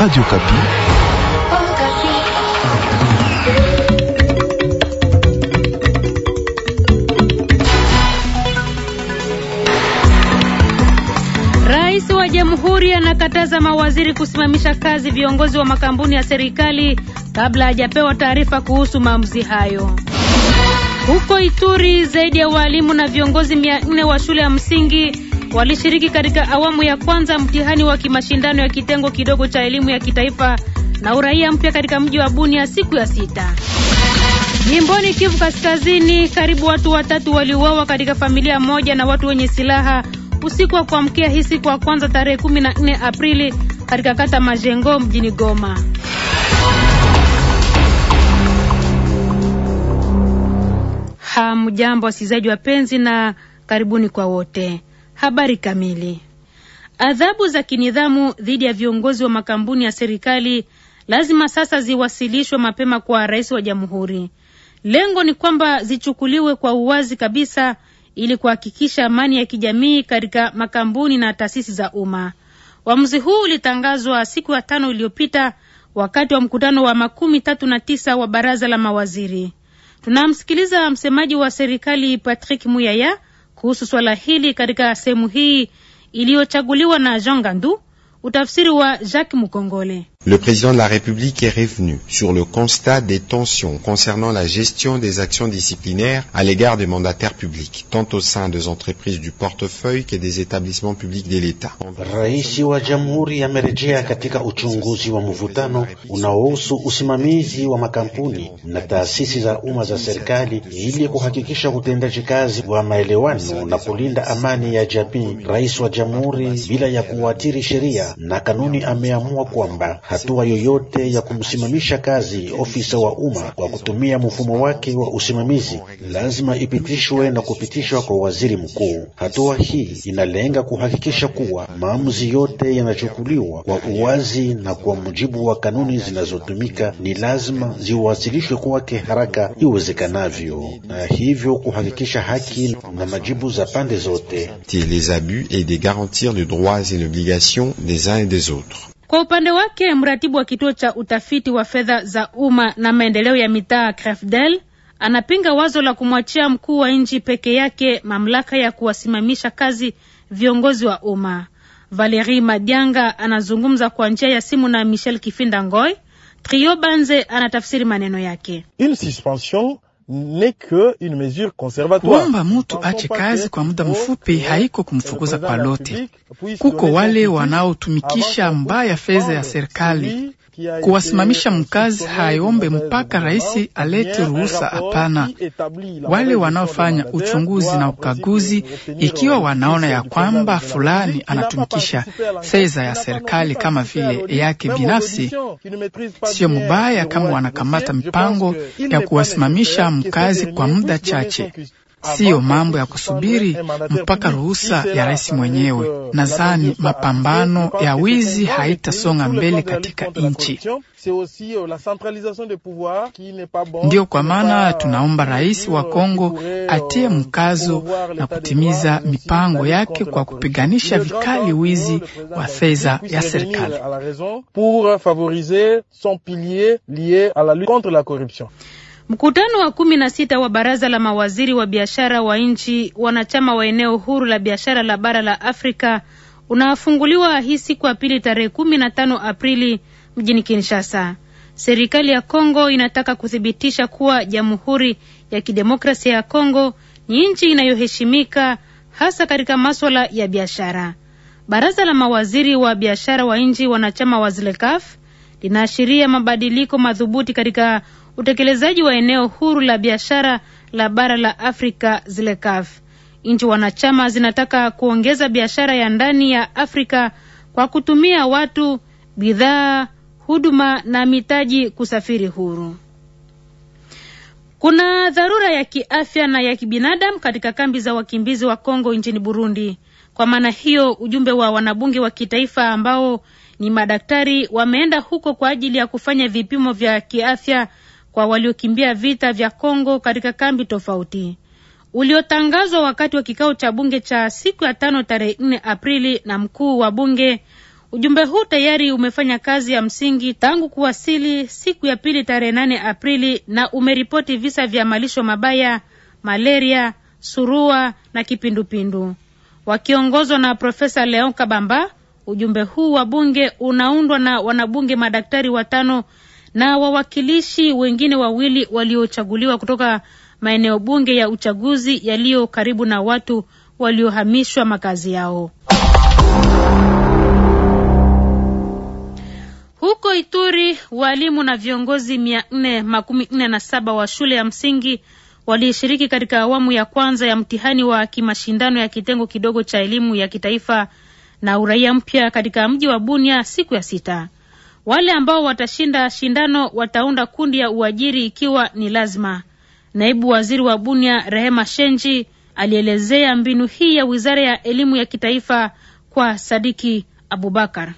Radio Kapi. Rais wa Jamhuri anakataza mawaziri kusimamisha kazi viongozi wa makampuni ya serikali kabla hajapewa taarifa kuhusu maamuzi hayo. Huko Ituri zaidi ya walimu na viongozi mia nne wa shule ya msingi walishiriki katika awamu ya kwanza mtihani wa kimashindano ya kitengo kidogo cha elimu ya kitaifa na uraia mpya katika mji wa Bunia siku ya sita. Jimboni Kivu Kaskazini, karibu watu watatu waliuawa katika familia moja na watu wenye silaha usiku wa kuamkia hii siku wa kwanza tarehe 14 Aprili katika kata Majengo mjini Goma. Hamjambo wasikilizaji wapenzi, na karibuni kwa wote. Habari kamili. Adhabu za kinidhamu dhidi ya viongozi wa makampuni ya serikali lazima sasa ziwasilishwe mapema kwa rais wa jamhuri. Lengo ni kwamba zichukuliwe kwa uwazi kabisa ili kuhakikisha amani ya kijamii katika makampuni na taasisi za umma. Uamuzi huu ulitangazwa siku ya tano iliyopita wakati wa mkutano wa makumi tatu na tisa wa baraza la mawaziri. Tunamsikiliza msemaji wa serikali Patrick Muyaya kuhusu swala hili katika sehemu hii iliyochaguliwa na Jean Gandu, utafsiri wa Jacques Mukongole. Le président de la République est revenu sur le constat des tensions concernant la gestion des actions disciplinaires à l'égard des mandataires publics, tant au sein des entreprises du portefeuille que des établissements publics de l'État. Raisi wa Jamhuri amerejea katika uchunguzi wa mvutano unaohusu usimamizi wa makampuni na taasisi za umma za serikali ili kuhakikisha utendaji kazi wa maelewano na kulinda amani ya jamii. Rais wa Jamhuri, bila ya kuathiri sheria na kanuni, ameamua kwamba hatua yoyote ya kumsimamisha kazi ofisa wa umma kwa kutumia mfumo wake wa usimamizi lazima ipitishwe na kupitishwa kwa waziri mkuu. Hatua hii inalenga kuhakikisha kuwa maamuzi yote yanachukuliwa kwa uwazi na kwa mujibu wa kanuni zinazotumika, ni lazima ziwasilishwe kwake haraka iwezekanavyo, na hivyo kuhakikisha haki na majibu za pande zote. les abus et de garantir les droits et l'obligation des uns et des autres. Kwa upande wake mratibu wa kituo cha utafiti wa fedha za umma na maendeleo ya mitaa CRAFDEL anapinga wazo la kumwachia mkuu wa nchi peke yake mamlaka ya kuwasimamisha kazi viongozi wa umma. valeri Madianga anazungumza kwa njia ya simu na Michel Kifinda Ngoy. Trio Banze anatafsiri maneno yake. Une suspension Kuomba mutu ache kazi kwa muda mfupi haiko kumfukuza kwa lote. Kuko wale wanaotumikisha mbaya fedha ya serikali kuwasimamisha mkazi haiombe mpaka rais alete ruhusa. Hapana, wale wanaofanya uchunguzi na ukaguzi, ikiwa wanaona ya kwamba fulani anatumikisha fedha ya serikali kama vile yake binafsi, sio mubaya kama wanakamata mipango ya kuwasimamisha mkazi kwa muda chache siyo mambo ya kusubiri mpaka ruhusa ya rais mwenyewe. Nadhani mapambano ya wizi haitasonga mbele katika nchi. Ndiyo kwa maana tunaomba rais wa Kongo atie mkazo na kutimiza mipango yake kwa kupiganisha vikali wizi wa fedha ya serikali. Mkutano wa kumi na sita wa baraza la mawaziri wa biashara wa nchi wanachama wa eneo huru la biashara la bara la Afrika unafunguliwa hii siku ya pili tarehe kumi na tano Aprili mjini Kinshasa. Serikali ya Kongo inataka kuthibitisha kuwa Jamhuri ya Kidemokrasia ya Kongo ni nchi inayoheshimika hasa katika maswala ya biashara. Baraza la mawaziri wa biashara wa nchi wanachama wa ZLECAF linaashiria mabadiliko madhubuti katika utekelezaji wa eneo huru la biashara la bara la Afrika ZLECAf. Nchi wanachama zinataka kuongeza biashara ya ndani ya Afrika kwa kutumia watu, bidhaa, huduma na mitaji kusafiri huru. Kuna dharura ya kiafya na ya kibinadamu katika kambi za wakimbizi wa Kongo nchini Burundi. Kwa maana hiyo, ujumbe wa wanabunge wa kitaifa ambao ni madaktari wameenda huko kwa ajili ya kufanya vipimo vya kiafya kwa waliokimbia vita vya Kongo katika kambi tofauti uliotangazwa wakati wa kikao cha bunge cha siku ya tano tarehe 4 Aprili na mkuu wa bunge. Ujumbe huu tayari umefanya kazi ya msingi tangu kuwasili siku ya pili tarehe nane Aprili na umeripoti visa vya malisho mabaya, malaria, surua na kipindupindu. Wakiongozwa na Profesa Leon Kabamba, ujumbe huu wa bunge unaundwa na wanabunge madaktari watano na wawakilishi wengine wawili waliochaguliwa kutoka maeneo bunge ya uchaguzi yaliyo karibu na watu waliohamishwa makazi yao. Huko Ituri, walimu na viongozi mia nne makumi nne na saba wa shule ya msingi walishiriki katika awamu ya kwanza ya mtihani wa kimashindano ya kitengo kidogo cha elimu ya kitaifa na uraia mpya katika mji wa Bunia siku ya sita. Wale ambao watashinda shindano wataunda kundi ya uajiri ikiwa ni lazima. Naibu waziri wa Bunia Rehema Shenji alielezea mbinu hii ya wizara ya elimu ya kitaifa kwa Sadiki Abubakar.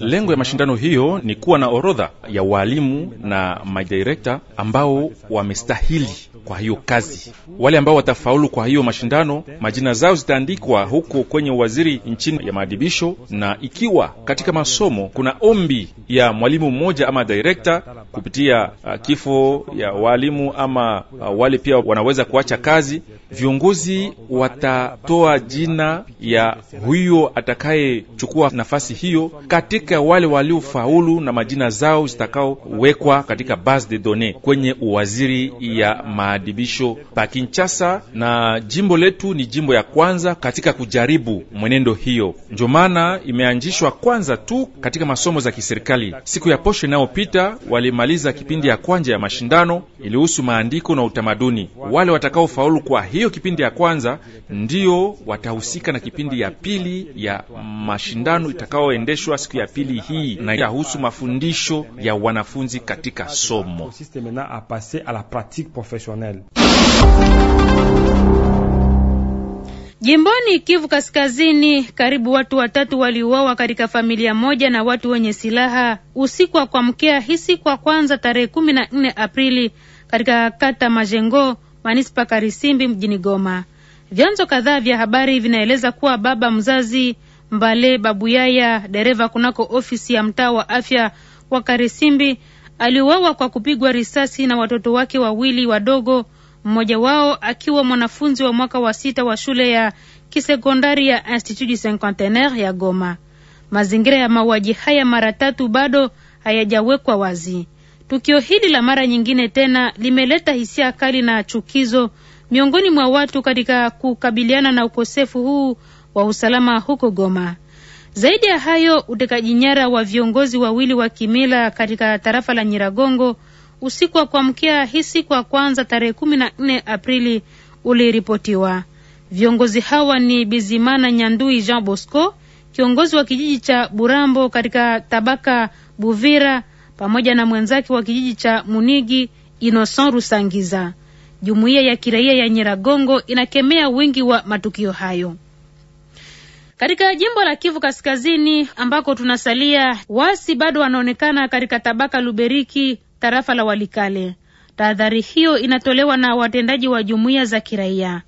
Lengo ya mashindano hiyo ni kuwa na orodha ya walimu na madirekta ambao wamestahili kwa hiyo kazi. Wale ambao watafaulu kwa hiyo mashindano, majina zao zitaandikwa huko kwenye waziri nchini ya maadibisho, na ikiwa katika masomo kuna ombi ya mwalimu mmoja ama direkta kupitia uh, kifo ya walimu ama uh, wale pia wanaweza kuacha kazi, viongozi watatoa jina ya huyo atakayechukua nafasi hiyo katika wale waliofaulu na majina zao zitakaowekwa katika base de donne kwenye uwaziri ya maadibisho pa Kinshasa, na jimbo letu ni jimbo ya kwanza katika kujaribu mwenendo hiyo. Ndio maana imeanzishwa kwanza tu katika masomo za kiserikali. Siku ya posho inayopita walimaliza kipindi ya kwanja ya mashindano ilihusu maandiko na utamaduni. Wale watakaofaulu kwa hiyo hiyo kipindi ya kwanza ndio watahusika na kipindi ya pili ya mashindano itakaoendeshwa siku ya pili hii, na yahusu mafundisho ya wanafunzi katika somo Jimboni Kivu Kaskazini, karibu watu watatu waliuawa katika familia moja na watu wenye silaha usiku wa kuamkea hii siku ya kwanza tarehe kumi na nne Aprili katika kata Majengo manispa Karisimbi mjini Goma. Vyanzo kadhaa vya habari vinaeleza kuwa baba mzazi Mbale Babuyaya, dereva kunako ofisi ya mtaa wa afya wa Karisimbi, aliuawa kwa kupigwa risasi na watoto wake wawili wadogo, mmoja wao akiwa mwanafunzi wa mwaka wa sita wa shule ya kisekondari ya Institut du Cinquantenaire ya Goma. Mazingira ya mauaji haya mara tatu bado hayajawekwa wazi. Tukio hili la mara nyingine tena limeleta hisia kali na chukizo miongoni mwa watu katika kukabiliana na ukosefu huu wa usalama huko Goma. Zaidi ya hayo, utekaji nyara wa viongozi wawili wa kimila katika tarafa la Nyiragongo usiku wa kuamkia hii siku ya kwanza tarehe kumi na nne Aprili uliripotiwa. Viongozi hawa ni Bizimana Nyandui Jean Bosco, kiongozi wa kijiji cha Burambo katika tabaka Buvira pamoja na mwenzake wa kijiji cha Munigi inosan Rusangiza. Jumuiya ya kiraia ya Nyiragongo inakemea wingi wa matukio hayo. Katika jimbo la Kivu Kaskazini ambako tunasalia, wasi bado wanaonekana katika tabaka Luberiki, tarafa la Walikale. Tahadhari hiyo inatolewa na watendaji wa jumuiya za kiraia.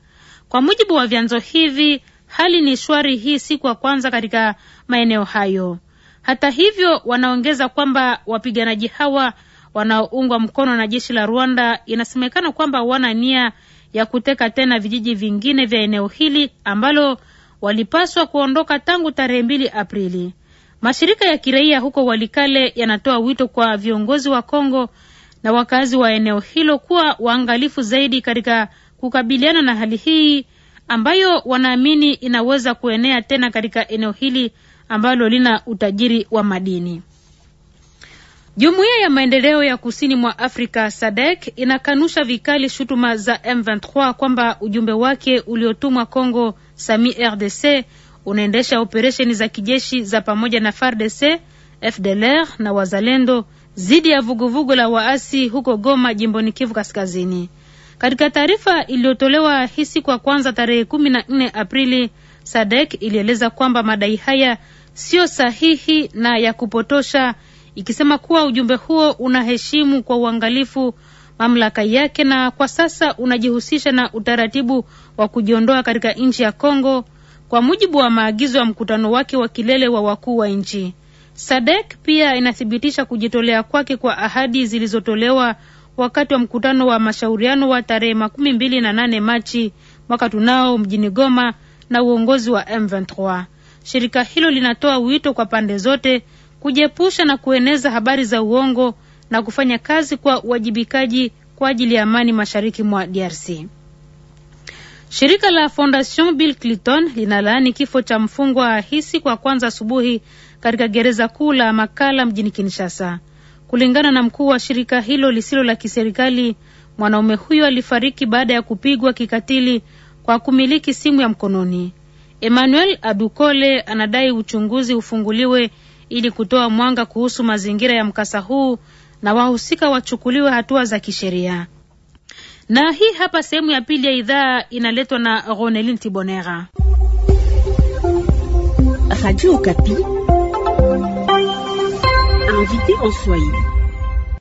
Kwa mujibu wa vyanzo hivi, hali ni shwari hii siku ya kwanza katika maeneo hayo. Hata hivyo, wanaongeza kwamba wapiganaji hawa wanaoungwa mkono na jeshi la Rwanda inasemekana kwamba wana nia ya kuteka tena vijiji vingine vya eneo hili ambalo walipaswa kuondoka tangu tarehe mbili Aprili. Mashirika ya kiraia huko Walikale yanatoa wito kwa viongozi wa Kongo na wakazi wa eneo hilo kuwa waangalifu zaidi katika kukabiliana na hali hii ambayo wanaamini inaweza kuenea tena katika eneo hili ambalo lina utajiri wa madini. Jumuiya ya maendeleo ya kusini mwa Afrika SADC inakanusha vikali shutuma za M23 kwamba ujumbe wake uliotumwa Congo Sami RDC unaendesha operesheni za kijeshi za pamoja na FARDC, FDLR na wazalendo dhidi ya vuguvugu la waasi huko Goma, jimboni Kivu Kaskazini. Katika taarifa iliyotolewa hii siku ya kwanza tarehe nne Aprili, SADEK ilieleza kwamba madai haya sio sahihi na ya kupotosha, ikisema kuwa ujumbe huo unaheshimu kwa uangalifu mamlaka yake na kwa sasa unajihusisha na utaratibu wa kujiondoa katika nchi ya Kongo kwa mujibu wa maagizo ya wa mkutano wake wa kilele wa wakuu wa nchi. Sadek pia inathibitisha kujitolea kwake kwa ahadi zilizotolewa wakati wa mkutano wa mashauriano wa tarehe makumi mbili na nane Machi mwaka tunao mjini Goma na uongozi wa M23. Shirika hilo linatoa wito kwa pande zote kujiepusha na kueneza habari za uongo na kufanya kazi kwa uwajibikaji kwa ajili ya amani mashariki mwa DRC. Shirika la Fondation Bill Clinton linalaani kifo cha mfungwa hisi kwa kwanza asubuhi katika gereza kuu la Makala mjini Kinshasa. Kulingana na mkuu wa shirika hilo lisilo la kiserikali, mwanaume huyo alifariki baada ya kupigwa kikatili kwa kumiliki simu ya mkononi. Emmanuel Adukole anadai uchunguzi ufunguliwe ili kutoa mwanga kuhusu mazingira ya mkasa huu na wahusika wachukuliwe hatua za kisheria. Na hii hapa sehemu ya pili ya idhaa inaletwa na Ronelin Tibonera. Radio Okapi. Invité en Swahili.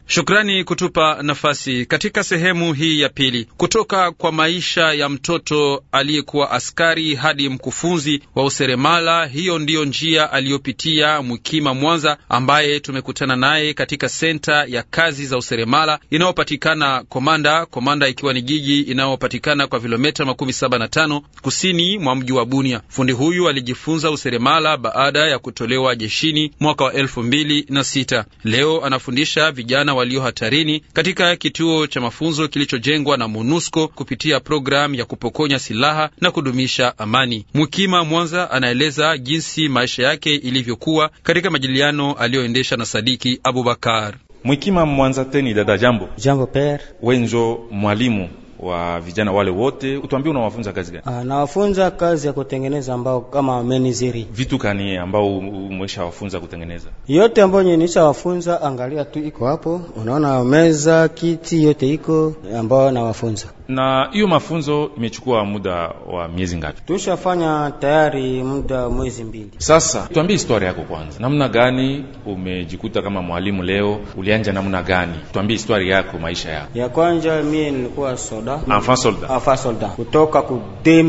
Shukrani kutupa nafasi katika sehemu hii ya pili. Kutoka kwa maisha ya mtoto aliyekuwa askari hadi mkufunzi wa useremala, hiyo ndiyo njia aliyopitia Mwikima Mwanza, ambaye tumekutana naye katika senta ya kazi za useremala inayopatikana Komanda, Komanda ikiwa ni jiji inayopatikana kwa vilometa makumi saba na tano kusini mwa mji wa Bunia. Fundi huyu alijifunza useremala baada ya kutolewa jeshini mwaka wa elfu mbili na sita. Leo anafundisha vijana walio hatarini katika kituo cha mafunzo kilichojengwa na MONUSCO kupitia programu ya kupokonya silaha na kudumisha amani. Mukima Mwanza anaeleza jinsi maisha yake ilivyokuwa katika majadiliano aliyoendesha na Sadiki Abubakar. Mwikima Mwanza teni dada, jambo jambo. Per wenzo mwalimu wa vijana wale wote, utuambie unawafunza kazi gani? Ah, nawafunza kazi ya kutengeneza mbao kama meniziri. Vitu kani ambao umesha wafunza kutengeneza? Yote ambayo nisha wafunza, angalia tu iko hapo, unaona meza, kiti, yote iko ambao nawafunza. Na hiyo mafunzo imechukua muda wa miezi ngapi? Tushafanya tayari muda mwezi mbili. Sasa tuambie historia yako kwanza, namna gani umejikuta kama mwalimu leo? Ulianja namna gani? Tuambie historia yako, maisha yako ya kwanja. Mie nilikuwa soldat, enfant soldat, enfant soldat kutoka ku 2000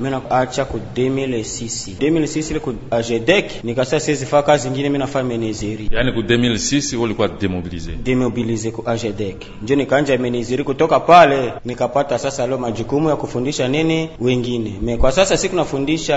mimi acha ku 2006 2006 ile ku ajedek nikasa sisi fa kazi nyingine mimi fa menezeri. Yani ku 2006 ulikuwa demobilize, demobilize ku ajedek, ndio nikaanja menezeri. Kutoka pale nikapata sasa leo majukumu ya kufundisha nini wengine. Me kwa sasa siku nafundisha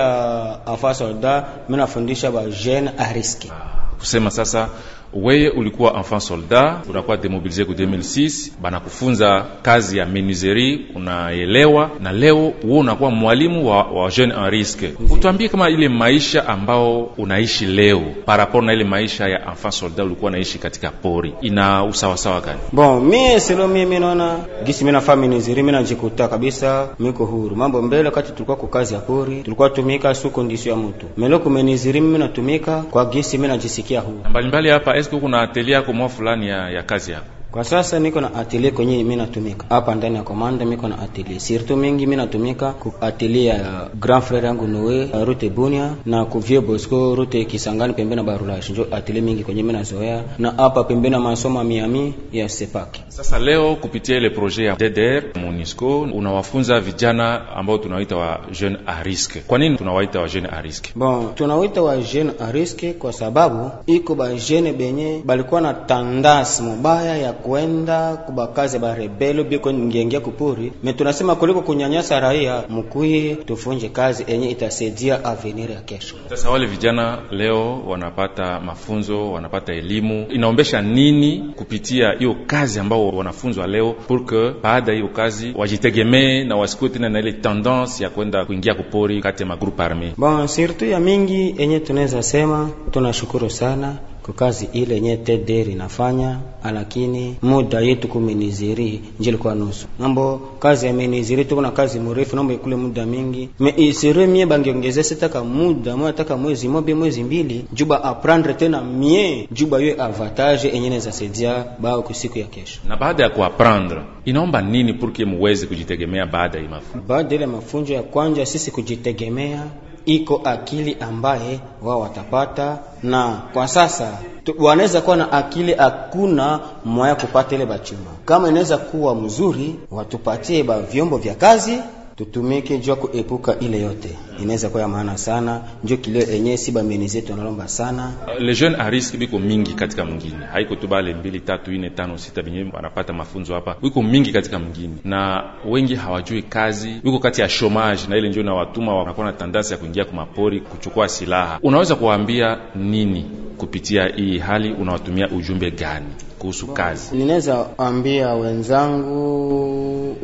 enfant soldat, mimi fundisha ba jeune a risque, ah, kusema sasa Weye ulikuwa enfant soldat, unakuwa demobilize ku 2006, banakufunza kazi ya menuiserie, unaelewa, na leo wewe unakuwa mwalimu wa, wa jeune en risque. Utwambie kama ile maisha ambao unaishi leo par rapport na ile maisha ya enfant soldat ulikuwa naishi katika pori, ina usawasawa gani? Bon, mie selo mie mimi naona gisi mimi nafaa menuiserie, mimi najikuta kabisa miko huru. Mambo mbele kati tulikuwa kwa kazi ya pori, tulikuwa tumika su kondisio ya mutu meloku ku menuiserie mimi natumika kwa gisi mimi najisikia huru. Mbalimbali hapa eske uko na yako mwa fulani ya, ya kazi yako kwa sasa niko na atelier kwenye mimi natumika hapa ndani ya komanda, miko na atelier surtout mingi mimi natumika ku atelier ya grand frère yangu Noe uh, route Bunia na ku Vieux Bosco route Kisangani pembeni na Barulage, Njoo atelier mingi kwenye mimi nazoea, na hapa pembeni na masomo ya Miami ya Sepak. Sasa leo kupitia ile projet ya DDR Monisco unawafunza vijana ambao tunawaita wa jeune à risque. Kwa nini tunawaita wa jeune à risque? Bon, tunawaita wa jeune à risque kwa sababu iko ba jeune benye balikuwa na tandas mubaya ya kwenda kubakazi barebelo biko ngenge kupuri me tunasema kuliko kunyanyasa raia, mkuye tufunje kazi enye itasaidia avenir ya kesho. Sasa wale vijana leo wanapata mafunzo, wanapata elimu, inaombesha nini kupitia hiyo kazi ambao wanafunzwa leo, porque baada hiyo kazi wajitegemee na wasikue tena na ile tendance ya kwenda kuingia kupori kati ya magroupe arme. Bon, surtout ya mingi enye tunaweza sema, tunashukuru sana kwa kazi ile yenye TDR inafanya, lakini muda yetu kuminiziri njili kwa nusu nambo kazi ya miniziri tuko na kazi mrefu, nambo ikule muda mingi me isiri mie bangiongezea sitaka muda mwe ataka mwezi mobi mwezi mbili juba aprendre tena mie juba yo avantage yenye za sedia bao kusiku ya kesho. Na baada ya kuaprendre inaomba nini pour que muweze kujitegemea baada ya mafunzo? Baada ile mafunzo ya kwanja sisi kujitegemea iko akili ambaye wao watapata, na kwa sasa wanaweza kuwa na akili, hakuna mwaya kupata ile bachuma. Kama inaweza kuwa mzuri, watupatie ba vyombo vya kazi tutumike jua kuepuka ile yote, inaweza kuwa ya maana sana, njo kilio enyewe si bameni zetu analomba sana. Le jeune a risque biko mingi katika mwingine, haiko tu bale mbili tatu ine tano sita benye wanapata mafunzo hapa, wiko mingi katika mwingine, na wengi hawajui kazi, wiko kati ya shomage, na ile njo na watuma wanakuwa na tandasi ya kuingia kumapori kuchukua silaha. Unaweza kuwaambia nini kupitia hii hali? Unawatumia ujumbe gani? kuhusu kazi. Ninaweza ambia wenzangu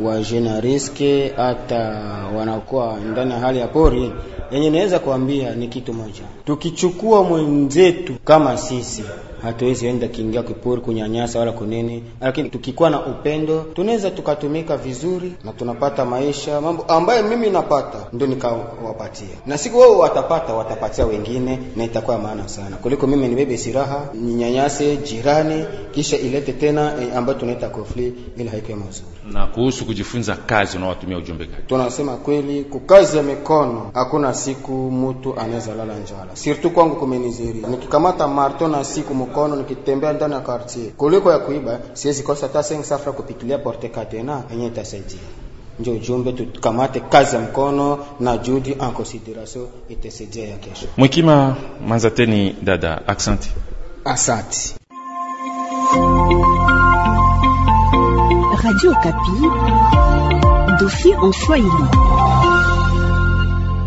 wa riske hata wanakuwa ndani ya hali ya pori, yenye naweza kuambia ni kitu moja, tukichukua mwenzetu kama sisi hatuwezi enda kiingia kipuri kunyanyasa wala kunini, lakini tukikuwa na upendo tunaweza tukatumika vizuri na tunapata maisha mambo ambayo mimi napata ndio nikawapatia, na siku wao watapata watapatia wengine, na itakuwa maana sana kuliko mimi nibebe silaha ninyanyase jirani kisha ilete tena eh, ambayo tunaita conflict, ila haikuwa mazuri na kuhusu kujifunza kazi, unawatumia ujumbe gani? Tunasema kweli, ya mikono, hakuna siku mutu anaweza lala njala. Sirtu kwangu kumeniziri, nikikamata marto na siku mkono, nikitembea ndani ya quartier kuliko ya kuiba, siwezi kosa hata sengi safra kupikilia porte katena yenye itasaidia ndio ujumbe, tukamate kazi ya mkono na judi en consideration itasaidia ya kesho. Mwikima Manzateni, dada, asante, asante. Radio Kapi, dossier en Swahili.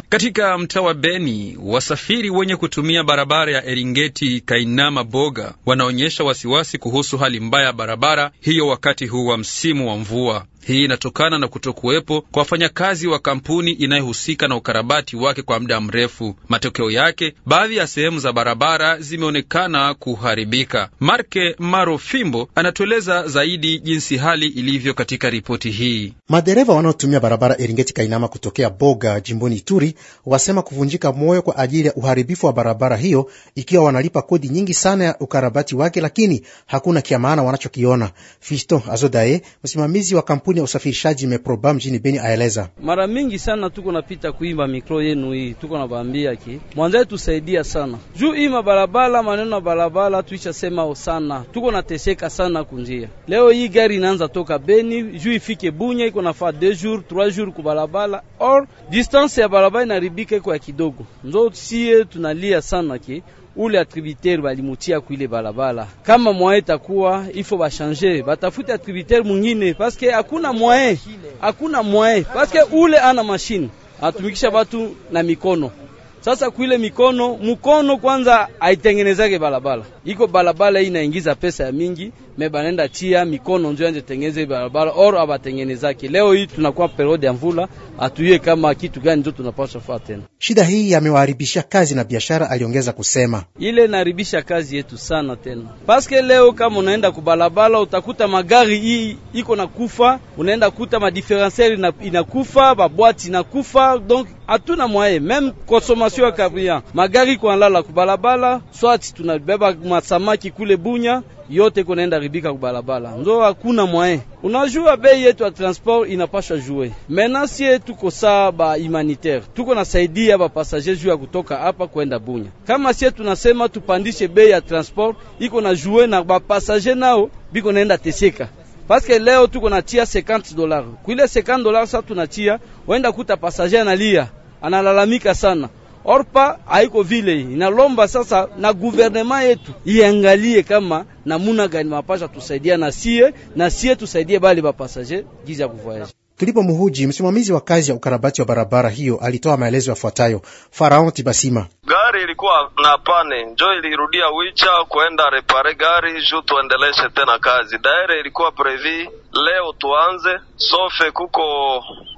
Katika mtaa wa Beni, wasafiri wenye kutumia barabara ya Eringeti Kainama Boga wanaonyesha wasiwasi kuhusu hali mbaya ya barabara hiyo wakati huu wa msimu wa mvua. Hii inatokana na kutokuwepo kwa wafanyakazi wa kampuni inayohusika na ukarabati wake kwa muda mrefu. Matokeo yake, baadhi ya sehemu za barabara zimeonekana kuharibika. Marke Marofimbo anatueleza zaidi jinsi hali ilivyo katika ripoti hii. Madereva wanaotumia barabara Eringeti Kainama kutokea Boga jimboni Ituri wasema kuvunjika moyo kwa ajili ya uharibifu wa barabara hiyo, ikiwa wanalipa kodi nyingi sana ya ukarabati wake, lakini hakuna kiamaana wanachokiona. Fisto Azodae, msimamizi wa kampuni kampuni ya usafirishaji Meproba mjini Beni aeleza. Mara mingi sana tuko napita kuimba mikro yenu hii, tuko nabambia ki mwanzae tusaidia sana juu hii mabarabara, maneno ya barabara tuisha sema sana, tuko nateseka sana kunjia. Leo hii gari inaanza toka Beni juu ifike Bunya, iko nafaa 2 jours 3 jours ku or distance ya barabara inaribika iko ya kidogo, nzo sie tunalia sana ki ule atributeri balimutia kuile balabala. Kama mwaye takuwa ifo bashange batafute attributaire mwingine, paske hakuna mwaye, hakuna mwaye, paske ule ana mashine atumikisha batu na mikono sasa kuile mikono mkono kwanza haitengenezake balabala, iko balabala hii inaingiza pesa ya mingi, me banaenda tia mikono njo anje tengeneze balabala or abatengenezake. Leo hii tunakuwa periode ya mvula, atuye kama kitu gani njo tunapaswa faa tena. Shida hii yamewaharibisha kazi na biashara, aliongeza kusema, ile inaharibisha kazi yetu sana tena, paske leo kama unaenda kubalabala utakuta magari hii iko nakufa, unaenda kuta madiferenseri inakufa, babwati inakufa, donc hatuna mwaye meme konsoma population ya Kabrian, magari kwa lala kubalabala, swati tunabeba masamaki kule Bunya yote kunaenda ribika kubalabala, njo hakuna mwae. Unajua bei yetu ya transport inapasha jue menasie, tuko saa ba humanitaire, tuko nasaidia ba juu ya kutoka hapa kwenda Bunya. Kama sie tunasema tupandishe bei ya transport, iko na jue na ba passager nao biko naenda teseka Paske leo tuko natia 50 dollars kuile 50 dollars, sa tunatia wenda kuta pasager analia, analalamika sana Orpa haiko vile, inalomba sasa na guvernema yetu iangalie kama namuna gani mapasha tusaidia na sie na sie tusaidie bali bapasaje gizi ya kuvoyaje. Tulipo muhuji msimamizi wa kazi ya ukarabati wa barabara hiyo alitoa maelezo yafuatayo. Faraon Tibasima: gari ilikuwa na pane njo ilirudia wicha kuenda repare gari ju tuendeleshe tena kazi. daere ilikuwa previ leo tuanze sofe, kuko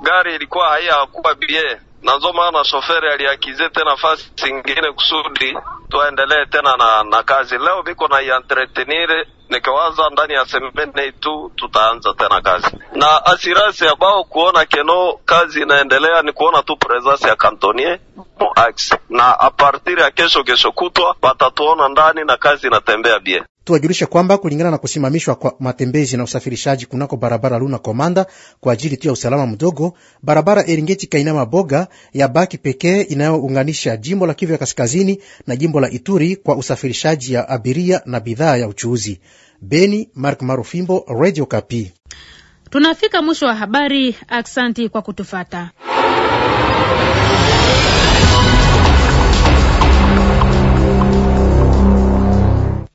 gari ilikuwa haiya kuwa bie na ndio maana shoferi aliakize tena fasi zingine kusudi tuendelee tena na, na kazi. Leo biko na entretenir nikiwaza ndani ya semene tu tutaanza tena kazi na asirasi abao kuona keno kazi inaendelea ni kuona tu presence ya kantonie na partir ya kesho kesho kutwa batatuona ndani na kazi inatembea bie tuwajulishe kwamba kulingana na kusimamishwa kwa matembezi na usafirishaji kunako barabara Luna Komanda kwa ajili tu ya usalama mdogo, barabara Eringeti Kainama Boga ya baki pekee inayounganisha jimbo la Kivu ya kaskazini na jimbo la Ituri kwa usafirishaji ya abiria na bidhaa ya uchuuzi. Beni, Mark Marufimbo, Radio Kapi. Tunafika mwisho wa habari. Aksanti kwa kutufata.